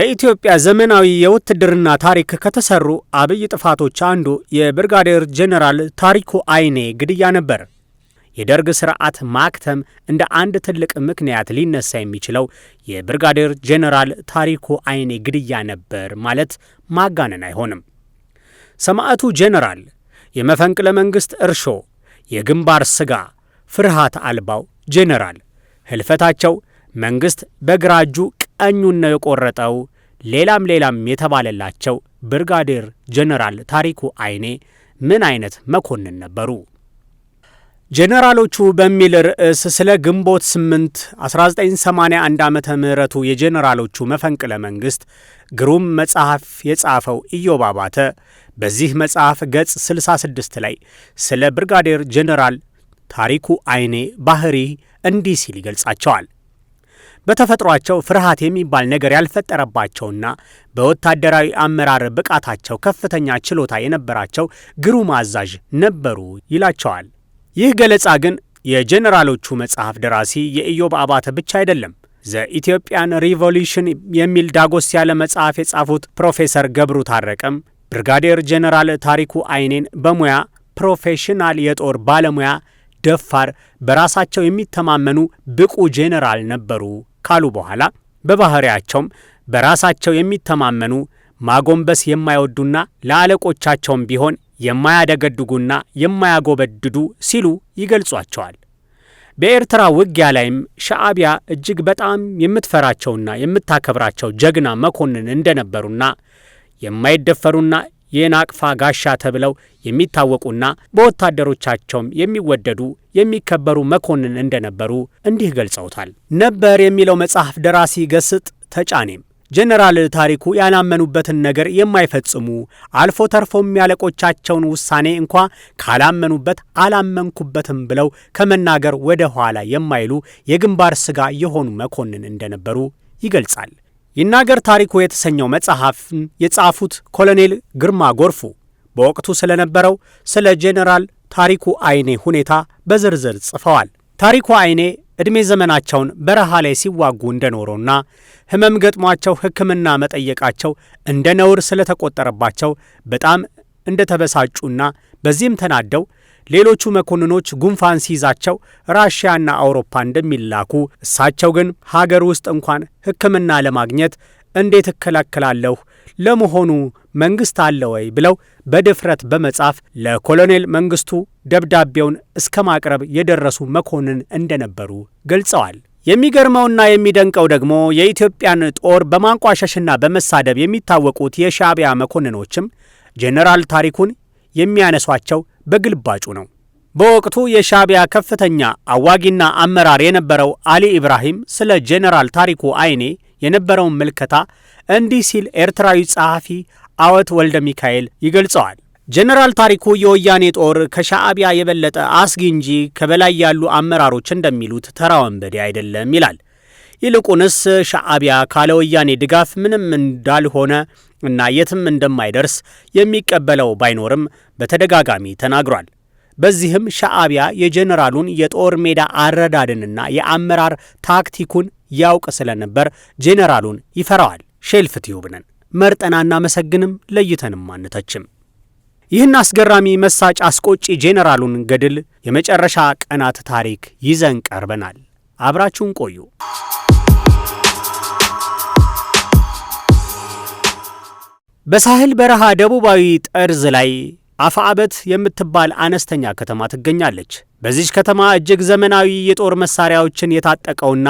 በኢትዮጵያ ዘመናዊ የውትድርና ታሪክ ከተሰሩ አብይ ጥፋቶች አንዱ የብርጋዴር ጄኔራል ታሪኩ አይኔ ግድያ ነበር። የደርግ ስርዓት ማክተም እንደ አንድ ትልቅ ምክንያት ሊነሳ የሚችለው የብርጋዴር ጄኔራል ታሪኩ አይኔ ግድያ ነበር ማለት ማጋነን አይሆንም። ሰማዕቱ ጄኔራል የመፈንቅለ መንግሥት እርሾ፣ የግንባር ስጋ፣ ፍርሃት አልባው ጄኔራል ህልፈታቸው መንግሥት በግራ እጁ ቀኙን ነው የቆረጠው፣ ሌላም ሌላም የተባለላቸው ብርጋዴር ጄኔራል ታሪኩ አይኔ ምን አይነት መኮንን ነበሩ? ጀነራሎቹ በሚል ርዕስ ስለ ግንቦት 8 1981 ዓ ምህረቱ የጀነራሎቹ መፈንቅለ መንግሥት ግሩም መጽሐፍ የጻፈው ኢዮብ አባተ በዚህ መጽሐፍ ገጽ 66 ላይ ስለ ብርጋዴር ጄኔራል ታሪኩ አይኔ ባሕሪ እንዲህ ሲል ይገልጻቸዋል። በተፈጥሯቸው ፍርሃት የሚባል ነገር ያልፈጠረባቸውና በወታደራዊ አመራር ብቃታቸው ከፍተኛ ችሎታ የነበራቸው ግሩም አዛዥ ነበሩ ይላቸዋል። ይህ ገለጻ ግን የጀኔራሎቹ መጽሐፍ ደራሲ የኢዮብ አባተ ብቻ አይደለም። ዘ ኢትዮጵያን ሪቮሉሽን የሚል ዳጎስ ያለ መጽሐፍ የጻፉት ፕሮፌሰር ገብሩ ታረቀም፣ ብርጋዴር ጀኔራል ታሪኩ አይኔን በሙያ ፕሮፌሽናል የጦር ባለሙያ፣ ደፋር፣ በራሳቸው የሚተማመኑ ብቁ ጄኔራል ነበሩ ካሉ በኋላ በባህሪያቸውም በራሳቸው የሚተማመኑ ማጎንበስ የማይወዱና ለአለቆቻቸውም ቢሆን የማያደገድጉና የማያጎበድዱ ሲሉ ይገልጿቸዋል። በኤርትራ ውጊያ ላይም ሻዕቢያ እጅግ በጣም የምትፈራቸውና የምታከብራቸው ጀግና መኮንን እንደነበሩና የማይደፈሩና የናቅፋ ጋሻ ተብለው የሚታወቁና በወታደሮቻቸውም የሚወደዱ የሚከበሩ መኮንን እንደነበሩ እንዲህ ገልጸውታል። ነበር የሚለው መጽሐፍ ደራሲ ገስጥ ተጫኔም ጀነራል ታሪኩ ያላመኑበትን ነገር የማይፈጽሙ አልፎ ተርፎም ያለቆቻቸውን ውሳኔ እንኳ ካላመኑበት አላመንኩበትም ብለው ከመናገር ወደ ኋላ የማይሉ የግንባር ስጋ የሆኑ መኮንን እንደነበሩ ይገልጻል። ይናገር ታሪኩ የተሰኘው መጽሐፍን የጻፉት ኮሎኔል ግርማ ጎርፉ በወቅቱ ስለነበረው ስለ ጄኔራል ታሪኩ አይኔ ሁኔታ በዝርዝር ጽፈዋል። ታሪኩ አይኔ ዕድሜ ዘመናቸውን በረሃ ላይ ሲዋጉ እንደኖሩና ሕመም ገጥሟቸው ሕክምና መጠየቃቸው እንደ ነውር ስለተቆጠረባቸው በጣም እንደተበሳጩና በዚህም ተናደው ሌሎቹ መኮንኖች ጉንፋን ሲይዛቸው ራሽያና አውሮፓ እንደሚላኩ እሳቸው ግን ሀገር ውስጥ እንኳን ሕክምና ለማግኘት እንዴት እከላከላለሁ? ለመሆኑ መንግስት አለ ወይ ብለው በድፍረት በመጻፍ ለኮሎኔል መንግስቱ ደብዳቤውን እስከ ማቅረብ የደረሱ መኮንን እንደነበሩ ገልጸዋል። የሚገርመውና የሚደንቀው ደግሞ የኢትዮጵያን ጦር በማንቋሸሽና በመሳደብ የሚታወቁት የሻዕቢያ መኮንኖችም ጄኔራል ታሪኩን የሚያነሷቸው በግልባጩ ነው። በወቅቱ የሻዕቢያ ከፍተኛ አዋጊና አመራር የነበረው አሊ ኢብራሂም ስለ ጄኔራል ታሪኩ አይኔ የነበረውን ምልከታ እንዲህ ሲል ኤርትራዊ ጸሐፊ አወት ወልደ ሚካኤል ይገልጸዋል። ጀነራል ታሪኩ የወያኔ ጦር ከሻዕቢያ የበለጠ አስጊ እንጂ ከበላይ ያሉ አመራሮች እንደሚሉት ተራ ወንበዴ አይደለም ይላል። ይልቁንስ ሻዕቢያ ካለ ወያኔ ድጋፍ ምንም እንዳልሆነ እና የትም እንደማይደርስ የሚቀበለው ባይኖርም በተደጋጋሚ ተናግሯል። በዚህም ሻዕቢያ የጀነራሉን የጦር ሜዳ አረዳድንና የአመራር ታክቲኩን ያውቅ ስለነበር ጄኔራሉን ይፈራዋል። ሼልፍ ቲዩብ ነን። መርጠን አናመሰግንም፣ ለይተንም አንተችም። ይህን አስገራሚ መሳጭ አስቆጪ ጄኔራሉን ገድል የመጨረሻ ቀናት ታሪክ ይዘን ቀርበናል። አብራችሁን ቆዩ። በሳህል በረሃ ደቡባዊ ጠርዝ ላይ አፋአበት የምትባል አነስተኛ ከተማ ትገኛለች። በዚች ከተማ እጅግ ዘመናዊ የጦር መሳሪያዎችን የታጠቀውና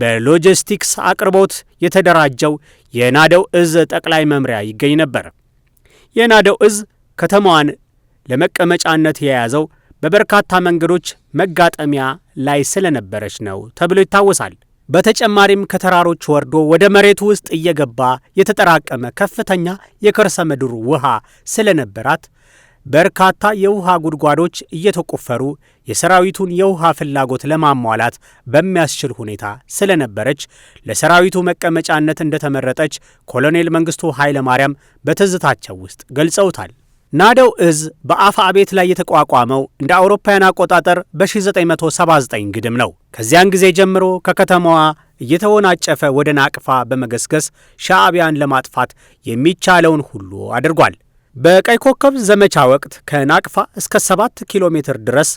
በሎጂስቲክስ አቅርቦት የተደራጀው የናደው እዝ ጠቅላይ መምሪያ ይገኝ ነበር። የናደው እዝ ከተማዋን ለመቀመጫነት የያዘው በበርካታ መንገዶች መጋጠሚያ ላይ ስለነበረች ነው ተብሎ ይታወሳል። በተጨማሪም ከተራሮች ወርዶ ወደ መሬቱ ውስጥ እየገባ የተጠራቀመ ከፍተኛ የከርሰ ምድር ውሃ ስለነበራት በርካታ የውሃ ጉድጓዶች እየተቆፈሩ የሰራዊቱን የውሃ ፍላጎት ለማሟላት በሚያስችል ሁኔታ ስለነበረች ለሰራዊቱ መቀመጫነት እንደተመረጠች ኮሎኔል መንግስቱ ኃይለ ማርያም በትዝታቸው ውስጥ ገልጸውታል። ናደው እዝ በአፋ አቤት ላይ የተቋቋመው እንደ አውሮፓውያን አቆጣጠር በ1979 ግድም ነው። ከዚያን ጊዜ ጀምሮ ከከተማዋ እየተወናጨፈ ወደ ናቅፋ በመገስገስ ሻዕቢያን ለማጥፋት የሚቻለውን ሁሉ አድርጓል። በቀይ ኮከብ ዘመቻ ወቅት ከናቅፋ እስከ 7 ኪሎ ሜትር ድረስ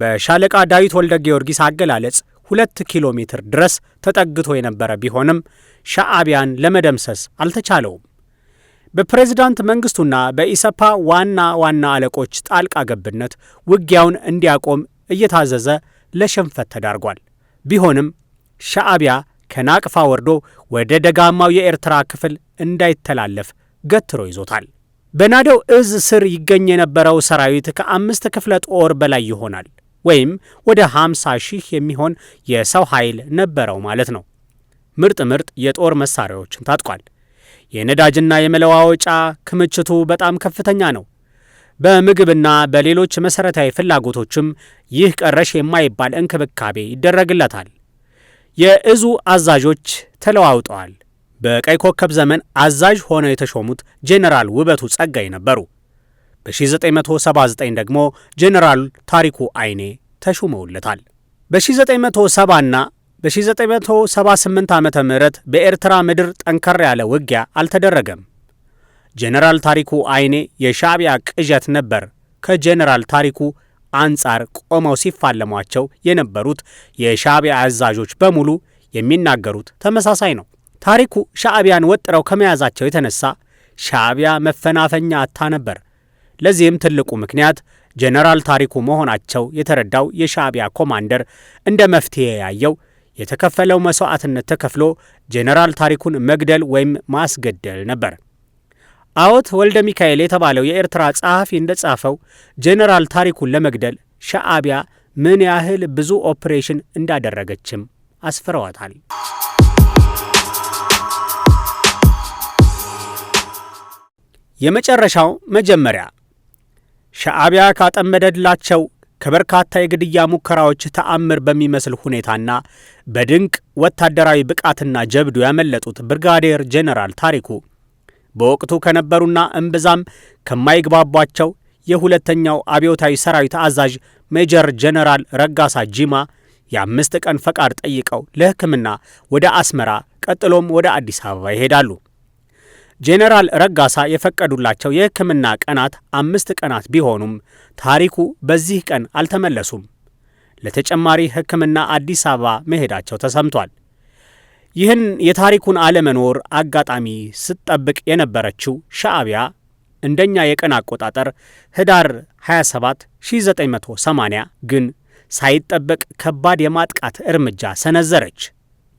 በሻለቃ ዳዊት ወልደ ጊዮርጊስ አገላለጽ 2 ኪሎ ሜትር ድረስ ተጠግቶ የነበረ ቢሆንም ሻዕቢያን ለመደምሰስ አልተቻለውም። በፕሬዝዳንት መንግስቱና በኢሰፓ ዋና ዋና አለቆች ጣልቃ ገብነት ውጊያውን እንዲያቆም እየታዘዘ ለሽንፈት ተዳርጓል። ቢሆንም ሻዕቢያ ከናቅፋ ወርዶ ወደ ደጋማው የኤርትራ ክፍል እንዳይተላለፍ ገትሮ ይዞታል። በናደው እዝ ስር ይገኝ የነበረው ሰራዊት ከአምስት ክፍለ ጦር በላይ ይሆናል ወይም ወደ 50 ሺህ የሚሆን የሰው ኃይል ነበረው ማለት ነው። ምርጥ ምርጥ የጦር መሳሪያዎችን ታጥቋል። የነዳጅና የመለዋወጫ ክምችቱ በጣም ከፍተኛ ነው። በምግብና በሌሎች መሠረታዊ ፍላጎቶችም ይህ ቀረሽ የማይባል እንክብካቤ ይደረግለታል። የእዙ አዛዦች ተለዋውጠዋል። በቀይ ኮከብ ዘመን አዛዥ ሆነው የተሾሙት ጄኔራል ውበቱ ጸጋይ ነበሩ። በ1979 ደግሞ ጄኔራል ታሪኩ አይኔ ተሹመውለታል። በ1970ና በ1978 ዓ ም በኤርትራ ምድር ጠንከር ያለ ውጊያ አልተደረገም። ጄኔራል ታሪኩ አይኔ የሻዕቢያ ቅዠት ነበር ከጄኔራል ታሪኩ አንጻር ቆመው ሲፋለሟቸው የነበሩት የሻዕቢያ አዛዦች በሙሉ የሚናገሩት ተመሳሳይ ነው። ታሪኩ ሻዕቢያን ወጥረው ከመያዛቸው የተነሳ ሻዕቢያ መፈናፈኛ አታ ነበር። ለዚህም ትልቁ ምክንያት ጀነራል ታሪኩ መሆናቸው የተረዳው የሻዕቢያ ኮማንደር እንደ መፍትሔ ያየው የተከፈለው መሥዋዕትነት ተከፍሎ ጀነራል ታሪኩን መግደል ወይም ማስገደል ነበር። አዎት ወልደ ሚካኤል የተባለው የኤርትራ ጸሐፊ እንደ ጻፈው ጀነራል ታሪኩን ለመግደል ሻዕቢያ ምን ያህል ብዙ ኦፕሬሽን እንዳደረገችም አስፍረዋታል። የመጨረሻው መጀመሪያ ሻዕቢያ ካጠመደላቸው ከበርካታ የግድያ ሙከራዎች ተአምር በሚመስል ሁኔታና በድንቅ ወታደራዊ ብቃትና ጀብዱ ያመለጡት ብርጋዴር ጄኔራል ታሪኩ በወቅቱ ከነበሩና እምብዛም ከማይግባቧቸው የሁለተኛው አብዮታዊ ሰራዊት አዛዥ ሜጀር ጄኔራል ረጋሳ ጂማ የአምስት ቀን ፈቃድ ጠይቀው ለሕክምና ወደ አስመራ ቀጥሎም ወደ አዲስ አበባ ይሄዳሉ። ጄኔራል ረጋሳ የፈቀዱላቸው የሕክምና ቀናት አምስት ቀናት ቢሆኑም ታሪኩ በዚህ ቀን አልተመለሱም። ለተጨማሪ ሕክምና አዲስ አበባ መሄዳቸው ተሰምቷል። ይህን የታሪኩን አለመኖር አጋጣሚ ስትጠብቅ የነበረችው ሻዕቢያ እንደኛ የቀን አቆጣጠር ህዳር 27 1980 ግን ሳይጠበቅ ከባድ የማጥቃት እርምጃ ሰነዘረች።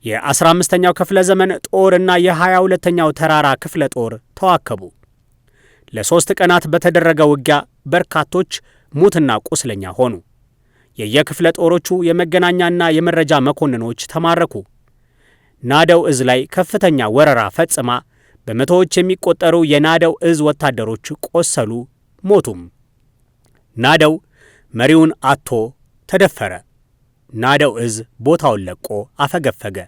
የ15ኛው ክፍለ ዘመን ጦርና የ22ኛው ተራራ ክፍለ ጦር ተዋከቡ። ለሦስት ቀናት በተደረገ ውጊያ በርካቶች ሙትና ቁስለኛ ሆኑ። የየክፍለ ጦሮቹ የመገናኛና የመረጃ መኮንኖች ተማረኩ። ናደው እዝ ላይ ከፍተኛ ወረራ ፈጽማ በመቶዎች የሚቆጠሩ የናደው እዝ ወታደሮች ቆሰሉ፣ ሞቱም። ናደው መሪውን አጥቶ ተደፈረ። ናደው እዝ ቦታውን ለቆ አፈገፈገ።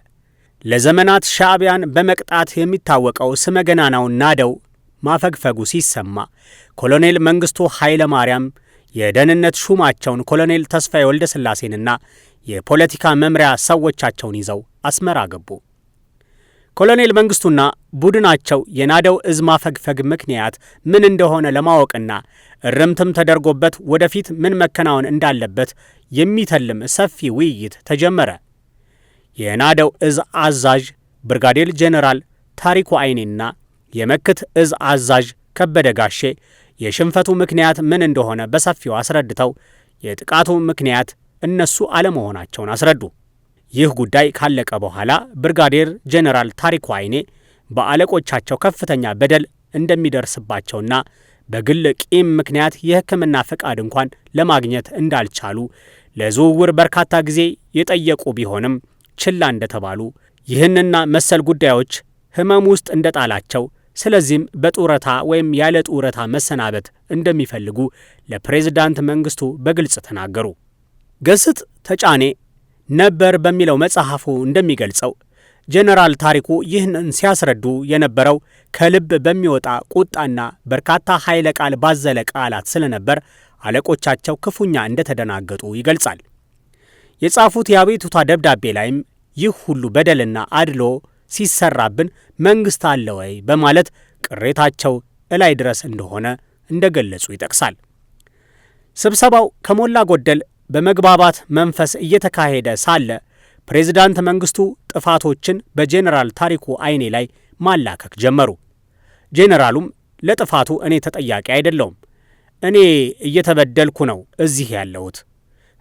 ለዘመናት ሻዕቢያን በመቅጣት የሚታወቀው ስመገናናው ናደው ማፈግፈጉ ሲሰማ ኮሎኔል መንግስቱ ኃይለ ማርያም የደህንነት ሹማቸውን ኮሎኔል ተስፋዬ ወልደ ስላሴንና የፖለቲካ መምሪያ ሰዎቻቸውን ይዘው አስመራ ገቡ። ኮሎኔል መንግስቱና ቡድናቸው የናደው እዝ ማፈግፈግ ምክንያት ምን እንደሆነ ለማወቅና እርምትም ተደርጎበት ወደፊት ምን መከናወን እንዳለበት የሚተልም ሰፊ ውይይት ተጀመረ። የናደው እዝ አዛዥ ብርጋዴር ጄኔራል ታሪኩ አይኔና የመክት እዝ አዛዥ ከበደ ጋሼ የሽንፈቱ ምክንያት ምን እንደሆነ በሰፊው አስረድተው የጥቃቱ ምክንያት እነሱ አለመሆናቸውን አስረዱ። ይህ ጉዳይ ካለቀ በኋላ ብርጋዴር ጄኔራል ታሪኩ አይኔ በአለቆቻቸው ከፍተኛ በደል እንደሚደርስባቸውና በግል ቂም ምክንያት የሕክምና ፈቃድ እንኳን ለማግኘት እንዳልቻሉ ለዝውውር በርካታ ጊዜ የጠየቁ ቢሆንም ችላ እንደተባሉ ይህንና መሰል ጉዳዮች ህመም ውስጥ እንደጣላቸው ስለዚህም በጡረታ ወይም ያለ ጡረታ መሰናበት እንደሚፈልጉ ለፕሬዝዳንት መንግስቱ በግልጽ ተናገሩ። ገስት ተጫኔ ነበር በሚለው መጽሐፉ እንደሚገልጸው ጄኔራል ታሪኩ ይህንን ሲያስረዱ የነበረው ከልብ በሚወጣ ቁጣና በርካታ ኃይለ ቃል ባዘለ ቃላት ስለነበር አለቆቻቸው ክፉኛ እንደተደናገጡ ይገልጻል። የጻፉት የአቤቱታ ደብዳቤ ላይም ይህ ሁሉ በደልና አድሎ ሲሰራብን መንግሥት አለ ወይ በማለት ቅሬታቸው እላይ ድረስ እንደሆነ እንደገለጹ ይጠቅሳል። ስብሰባው ከሞላ ጎደል በመግባባት መንፈስ እየተካሄደ ሳለ ፕሬዝዳንት መንግስቱ ጥፋቶችን በጄኔራል ታሪኩ አይኔ ላይ ማላከክ ጀመሩ። ጄኔራሉም ለጥፋቱ እኔ ተጠያቂ አይደለውም፣ እኔ እየተበደልኩ ነው እዚህ ያለሁት፣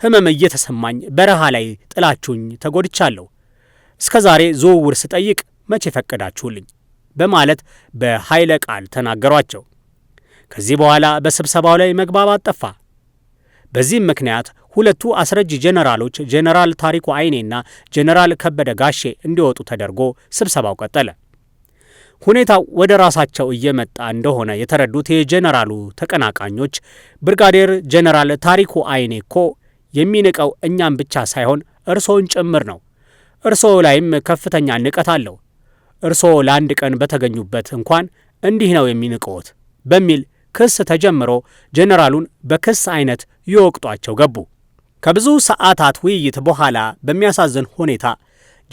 ህመም እየተሰማኝ በረሃ ላይ ጥላችሁኝ ተጎድቻለሁ፣ እስከ ዛሬ ዝውውር ስጠይቅ መቼ ፈቀዳችሁልኝ? በማለት በኃይለ ቃል ተናገሯቸው። ከዚህ በኋላ በስብሰባው ላይ መግባባት ጠፋ። በዚህም ምክንያት ሁለቱ አስረጅ ጄኔራሎች ጄኔራል ታሪኩ አይኔና ጄኔራል ከበደ ጋሼ እንዲወጡ ተደርጎ ስብሰባው ቀጠለ። ሁኔታው ወደ ራሳቸው እየመጣ እንደሆነ የተረዱት የጄኔራሉ ተቀናቃኞች ብርጋዴር ጄኔራል ታሪኩ አይኔ እኮ የሚንቀው እኛም ብቻ ሳይሆን እርሶን ጭምር ነው እርስዎ ላይም ከፍተኛ ንቀት አለው። እርስዎ ለአንድ ቀን በተገኙበት እንኳን እንዲህ ነው የሚንቅዎት በሚል ክስ ተጀምሮ ጄኔራሉን በክስ አይነት ይወቅጧቸው ገቡ። ከብዙ ሰዓታት ውይይት በኋላ በሚያሳዝን ሁኔታ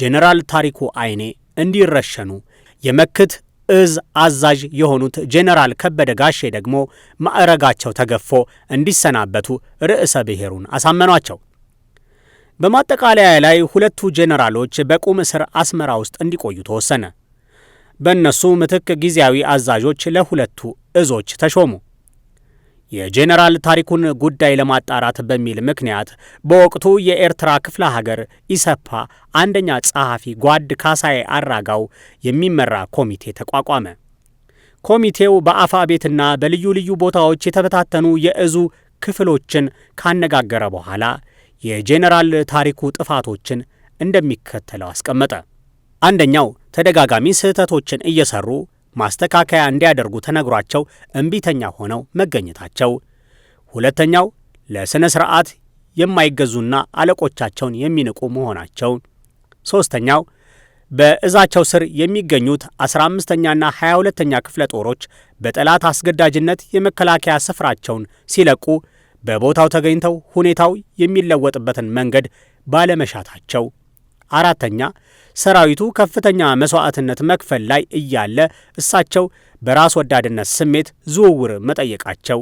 ጄኔራል ታሪኩ አይኔ እንዲረሸኑ የመክት እዝ አዛዥ የሆኑት ጄኔራል ከበደ ጋሼ ደግሞ ማዕረጋቸው ተገፎ እንዲሰናበቱ ርዕሰ ብሔሩን አሳመኗቸው። በማጠቃለያ ላይ ሁለቱ ጄኔራሎች በቁም እስር አስመራ ውስጥ እንዲቆዩ ተወሰነ። በእነሱ ምትክ ጊዜያዊ አዛዦች ለሁለቱ እዞች ተሾሙ። የጄኔራል ታሪኩን ጉዳይ ለማጣራት በሚል ምክንያት በወቅቱ የኤርትራ ክፍለ ሀገር ኢሰፓ አንደኛ ጸሐፊ ጓድ ካሳዬ አራጋው የሚመራ ኮሚቴ ተቋቋመ። ኮሚቴው በአፋ ቤትና በልዩ ልዩ ቦታዎች የተበታተኑ የእዙ ክፍሎችን ካነጋገረ በኋላ የጄኔራል ታሪኩ ጥፋቶችን እንደሚከተለው አስቀመጠ። አንደኛው ተደጋጋሚ ስህተቶችን እየሰሩ ማስተካከያ እንዲያደርጉ ተነግሯቸው እምቢተኛ ሆነው መገኘታቸው። ሁለተኛው ለሥነ ሥርዓት የማይገዙና አለቆቻቸውን የሚንቁ መሆናቸው። ሦስተኛው በእዛቸው ስር የሚገኙት 15ኛና 22ኛ ክፍለ ጦሮች በጠላት አስገዳጅነት የመከላከያ ስፍራቸውን ሲለቁ በቦታው ተገኝተው ሁኔታው የሚለወጥበትን መንገድ ባለመሻታቸው፣ አራተኛ ሰራዊቱ ከፍተኛ መስዋዕትነት መክፈል ላይ እያለ እሳቸው በራስ ወዳድነት ስሜት ዝውውር መጠየቃቸው።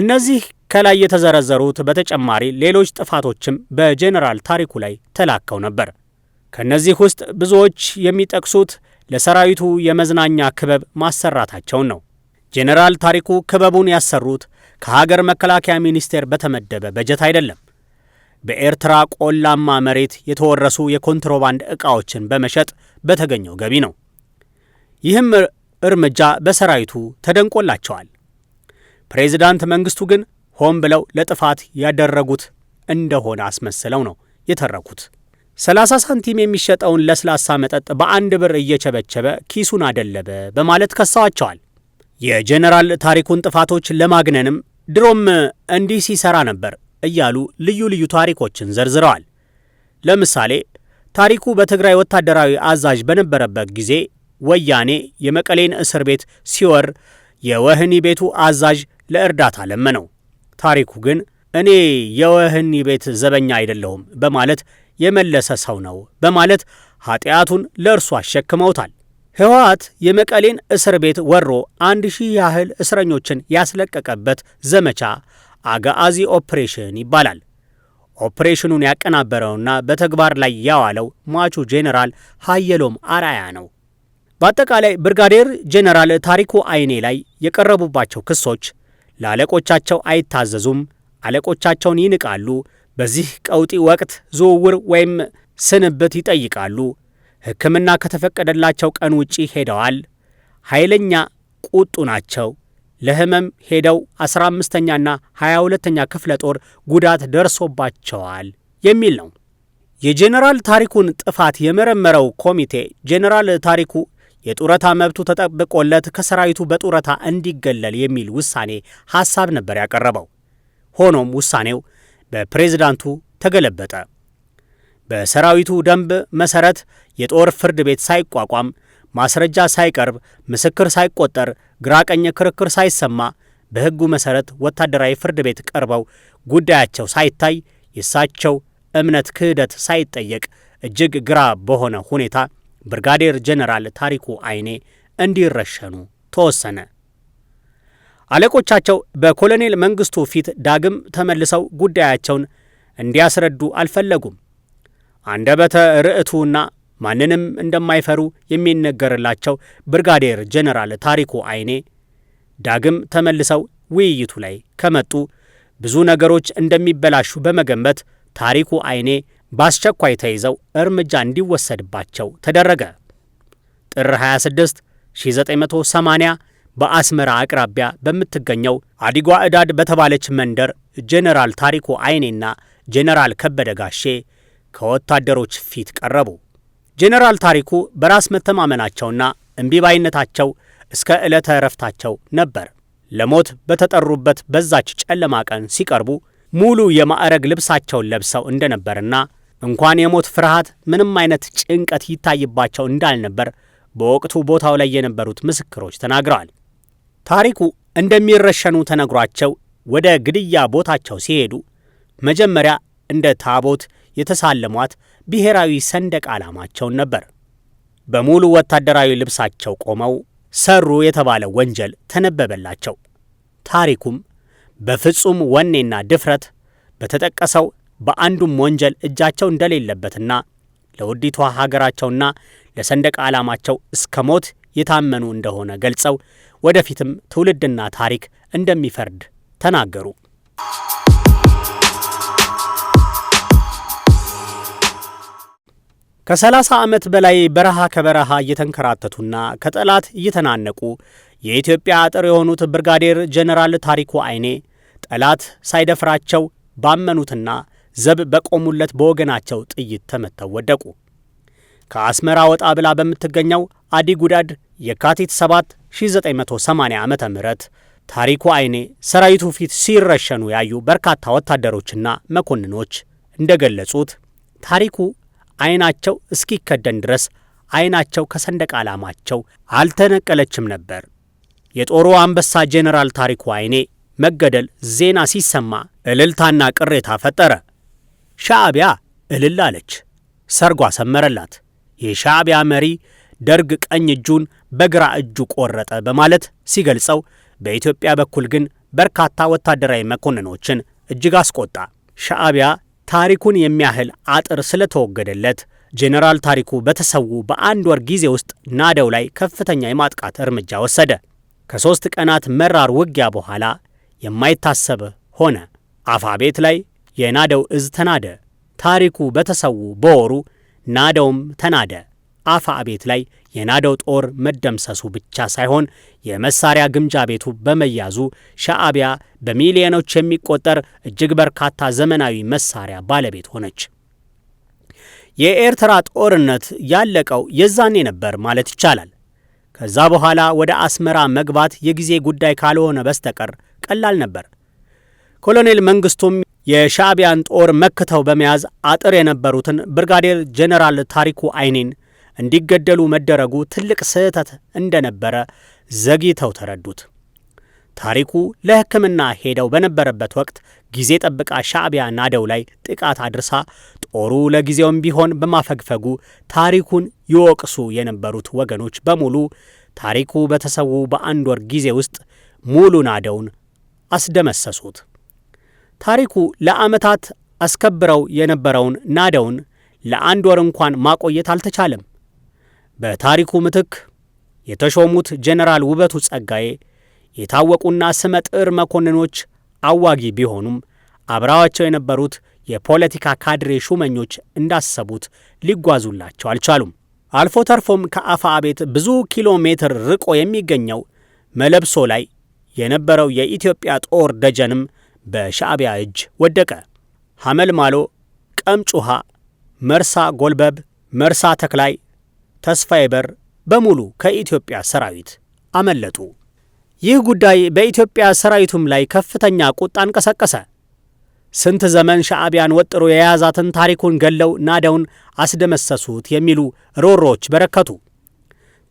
እነዚህ ከላይ የተዘረዘሩት በተጨማሪ ሌሎች ጥፋቶችም በጄኔራል ታሪኩ ላይ ተላከው ነበር። ከእነዚህ ውስጥ ብዙዎች የሚጠቅሱት ለሰራዊቱ የመዝናኛ ክበብ ማሰራታቸውን ነው። ጄኔራል ታሪኩ ክበቡን ያሰሩት ከሀገር መከላከያ ሚኒስቴር በተመደበ በጀት አይደለም። በኤርትራ ቆላማ መሬት የተወረሱ የኮንትሮባንድ ዕቃዎችን በመሸጥ በተገኘው ገቢ ነው። ይህም እርምጃ በሰራዊቱ ተደንቆላቸዋል። ፕሬዚዳንት መንግስቱ ግን ሆን ብለው ለጥፋት ያደረጉት እንደሆነ አስመስለው ነው የተረኩት። 30 ሳንቲም የሚሸጠውን ለስላሳ መጠጥ በአንድ ብር እየቸበቸበ ኪሱን አደለበ በማለት ከሰዋቸዋል። የጄኔራል ታሪኩን ጥፋቶች ለማግነንም ድሮም እንዲህ ሲሰራ ነበር እያሉ ልዩ ልዩ ታሪኮችን ዘርዝረዋል። ለምሳሌ ታሪኩ በትግራይ ወታደራዊ አዛዥ በነበረበት ጊዜ ወያኔ የመቀሌን እስር ቤት ሲወር የወህኒ ቤቱ አዛዥ ለእርዳታ ለመነው። ታሪኩ ግን እኔ የወህኒ ቤት ዘበኛ አይደለሁም በማለት የመለሰ ሰው ነው በማለት ኃጢአቱን ለእርሱ አሸክመውታል። ህወሓት የመቀሌን እስር ቤት ወሮ አንድ ሺህ ያህል እስረኞችን ያስለቀቀበት ዘመቻ አጋአዚ ኦፕሬሽን ይባላል። ኦፕሬሽኑን ያቀናበረውና በተግባር ላይ ያዋለው ሟቹ ጄኔራል ሀየሎም አርአያ ነው። በአጠቃላይ ብርጋዴር ጄኔራል ታሪኩ አይኔ ላይ የቀረቡባቸው ክሶች ለአለቆቻቸው አይታዘዙም፣ አለቆቻቸውን ይንቃሉ፣ በዚህ ቀውጢ ወቅት ዝውውር ወይም ስንብት ይጠይቃሉ፣ ሕክምና ከተፈቀደላቸው ቀን ውጪ ሄደዋል። ኃይለኛ ቁጡ ናቸው። ለህመም ሄደው 15 አምስተኛና 22ኛ ክፍለ ጦር ጉዳት ደርሶባቸዋል የሚል ነው። የጄኔራል ታሪኩን ጥፋት የመረመረው ኮሚቴ ጄኔራል ታሪኩ የጡረታ መብቱ ተጠብቆለት ከሰራዊቱ በጡረታ እንዲገለል የሚል ውሳኔ ሐሳብ ነበር ያቀረበው። ሆኖም ውሳኔው በፕሬዝዳንቱ ተገለበጠ። በሰራዊቱ ደንብ መሰረት የጦር ፍርድ ቤት ሳይቋቋም ማስረጃ ሳይቀርብ ምስክር ሳይቆጠር ግራቀኝ ክርክር ሳይሰማ በሕጉ መሰረት ወታደራዊ ፍርድ ቤት ቀርበው ጉዳያቸው ሳይታይ የእሳቸው እምነት ክህደት ሳይጠየቅ እጅግ ግራ በሆነ ሁኔታ ብርጋዴር ጄኔራል ታሪኩ አይኔ እንዲረሸኑ ተወሰነ። አለቆቻቸው በኮሎኔል መንግስቱ ፊት ዳግም ተመልሰው ጉዳያቸውን እንዲያስረዱ አልፈለጉም። አንደበተ ርእቱና ማንንም እንደማይፈሩ የሚነገርላቸው ብርጋዴር ጄኔራል ታሪኩ አይኔ ዳግም ተመልሰው ውይይቱ ላይ ከመጡ ብዙ ነገሮች እንደሚበላሹ በመገንበት ታሪኩ አይኔ በአስቸኳይ ተይዘው እርምጃ እንዲወሰድባቸው ተደረገ። ጥር 26 1980 በአስመራ አቅራቢያ በምትገኘው አዲጓ ዕዳድ በተባለች መንደር ጄኔራል ታሪኩ አይኔና ጄኔራል ከበደ ጋሼ ከወታደሮች ፊት ቀረቡ። ጄኔራል ታሪኩ በራስ መተማመናቸውና እምቢባይነታቸው እስከ ዕለተ እረፍታቸው ነበር። ለሞት በተጠሩበት በዛች ጨለማ ቀን ሲቀርቡ ሙሉ የማዕረግ ልብሳቸውን ለብሰው እንደነበርና እንኳን የሞት ፍርሃት ምንም አይነት ጭንቀት ይታይባቸው እንዳልነበር በወቅቱ ቦታው ላይ የነበሩት ምስክሮች ተናግረዋል። ታሪኩ እንደሚረሸኑ ተነግሯቸው ወደ ግድያ ቦታቸው ሲሄዱ መጀመሪያ እንደ ታቦት የተሳለሟት ብሔራዊ ሰንደቅ ዓላማቸውን ነበር። በሙሉ ወታደራዊ ልብሳቸው ቆመው ሰሩ የተባለ ወንጀል ተነበበላቸው። ታሪኩም በፍጹም ወኔና ድፍረት በተጠቀሰው በአንዱም ወንጀል እጃቸው እንደሌለበትና ለውዲቷ ሀገራቸውና ለሰንደቅ ዓላማቸው እስከ ሞት የታመኑ እንደሆነ ገልጸው ወደፊትም ትውልድና ታሪክ እንደሚፈርድ ተናገሩ። ከሰላሳ ዓመት በላይ በረሃ ከበረሃ እየተንከራተቱና ከጠላት እየተናነቁ የኢትዮጵያ አጥር የሆኑት ብርጋዴር ጀነራል ታሪኩ አይኔ ጠላት ሳይደፍራቸው ባመኑትና ዘብ በቆሙለት በወገናቸው ጥይት ተመተው ወደቁ። ከአስመራ ወጣ ብላ በምትገኘው አዲ ጉዳድ የካቲት 7 1980 ዓ ም ታሪኩ አይኔ ሰራዊቱ ፊት ሲረሸኑ ያዩ በርካታ ወታደሮችና መኮንኖች እንደገለጹት ታሪኩ ዓይናቸው እስኪከደን ድረስ ዓይናቸው ከሰንደቅ ዓላማቸው አልተነቀለችም ነበር። የጦሩ አንበሳ ጄኔራል ታሪኩ አይኔ መገደል ዜና ሲሰማ እልልታና ቅሬታ ፈጠረ። ሻዕቢያ እልል አለች፣ ሰርጓ ሰመረላት። የሻዕቢያ መሪ ደርግ ቀኝ እጁን በግራ እጁ ቆረጠ በማለት ሲገልጸው፣ በኢትዮጵያ በኩል ግን በርካታ ወታደራዊ መኮንኖችን እጅግ አስቆጣ። ሻዕቢያ ታሪኩን የሚያህል አጥር ስለተወገደለት ጄኔራል ታሪኩ በተሰዉ በአንድ ወር ጊዜ ውስጥ ናደው ላይ ከፍተኛ የማጥቃት እርምጃ ወሰደ። ከሦስት ቀናት መራር ውጊያ በኋላ የማይታሰብ ሆነ። አፋ ቤት ላይ የናደው እዝ ተናደ። ታሪኩ በተሰዉ በወሩ ናደውም ተናደ። አፋ ቤት ላይ የናደው ጦር መደምሰሱ ብቻ ሳይሆን የመሳሪያ ግምጃ ቤቱ በመያዙ ሻዕቢያ በሚሊዮኖች የሚቆጠር እጅግ በርካታ ዘመናዊ መሳሪያ ባለቤት ሆነች። የኤርትራ ጦርነት ያለቀው የዛኔ ነበር ማለት ይቻላል። ከዛ በኋላ ወደ አስመራ መግባት የጊዜ ጉዳይ ካልሆነ በስተቀር ቀላል ነበር። ኮሎኔል መንግስቱም የሻዕቢያን ጦር መክተው በመያዝ አጥር የነበሩትን ብርጋዴር ጄኔራል ታሪኩ አይኔን እንዲገደሉ መደረጉ ትልቅ ስህተት እንደነበረ ዘግይተው ተረዱት። ታሪኩ ለሕክምና ሄደው በነበረበት ወቅት ጊዜ ጠብቃ ሻዕቢያ ናደው ላይ ጥቃት አድርሳ ጦሩ ለጊዜውም ቢሆን በማፈግፈጉ ታሪኩን ይወቅሱ የነበሩት ወገኖች በሙሉ ታሪኩ በተሰዉ በአንድ ወር ጊዜ ውስጥ ሙሉ ናደውን አስደመሰሱት። ታሪኩ ለዓመታት አስከብረው የነበረውን ናደውን ለአንድ ወር እንኳን ማቆየት አልተቻለም። በታሪኩ ምትክ የተሾሙት ጄኔራል ውበቱ ጸጋዬ የታወቁና ጥር መኮንኖች አዋጊ ቢሆኑም አብረዋቸው የነበሩት የፖለቲካ ካድሬ ሹመኞች እንዳሰቡት ሊጓዙላቸው አልቻሉም። አልፎ ተርፎም ከአፋ ቤት ብዙ ኪሎ ሜትር ርቆ የሚገኘው መለብሶ ላይ የነበረው የኢትዮጵያ ጦር ደጀንም በሻዕቢያ እጅ ወደቀ። ሐመልማሎ፣ ቀምጭ ውሃ፣ መርሳ ጎልበብ፣ መርሳ ተክላይ ተስፋዬ በር በሙሉ ከኢትዮጵያ ሰራዊት አመለጡ። ይህ ጉዳይ በኢትዮጵያ ሰራዊቱም ላይ ከፍተኛ ቁጣ እንቀሰቀሰ። ስንት ዘመን ሻዕቢያን ወጥሮ የያዛትን ታሪኩን ገለው ናደውን አስደመሰሱት የሚሉ ሮሮዎች በረከቱ።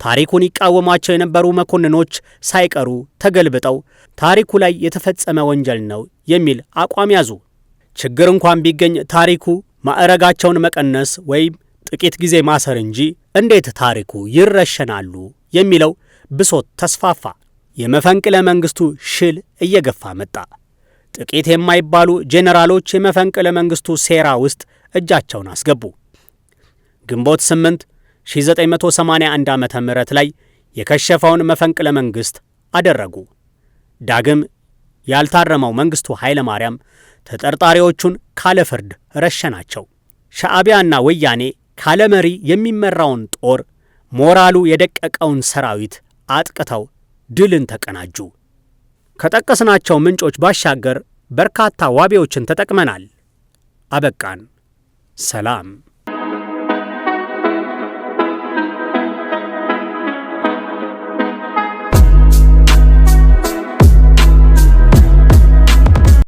ታሪኩን ይቃወሟቸው የነበሩ መኮንኖች ሳይቀሩ ተገልብጠው ታሪኩ ላይ የተፈጸመ ወንጀል ነው የሚል አቋም ያዙ። ችግር እንኳን ቢገኝ ታሪኩ ማዕረጋቸውን መቀነስ ወይም ጥቂት ጊዜ ማሰር እንጂ እንዴት ታሪኩ ይረሸናሉ የሚለው ብሶት ተስፋፋ። የመፈንቅለ መንግስቱ ሽል እየገፋ መጣ። ጥቂት የማይባሉ ጄኔራሎች የመፈንቅለ መንግስቱ ሴራ ውስጥ እጃቸውን አስገቡ። ግንቦት 8 1981 ዓ ም ላይ የከሸፈውን መፈንቅለ መንግስት አደረጉ። ዳግም ያልታረመው መንግስቱ ኃይለ ማርያም ተጠርጣሪዎቹን ካለ ፍርድ ረሸናቸው። ሻዕቢያና ወያኔ ካለመሪ የሚመራውን ጦር ሞራሉ የደቀቀውን ሰራዊት አጥቅተው ድልን ተቀናጁ። ከጠቀስናቸው ምንጮች ባሻገር በርካታ ዋቢዎችን ተጠቅመናል። አበቃን። ሰላም።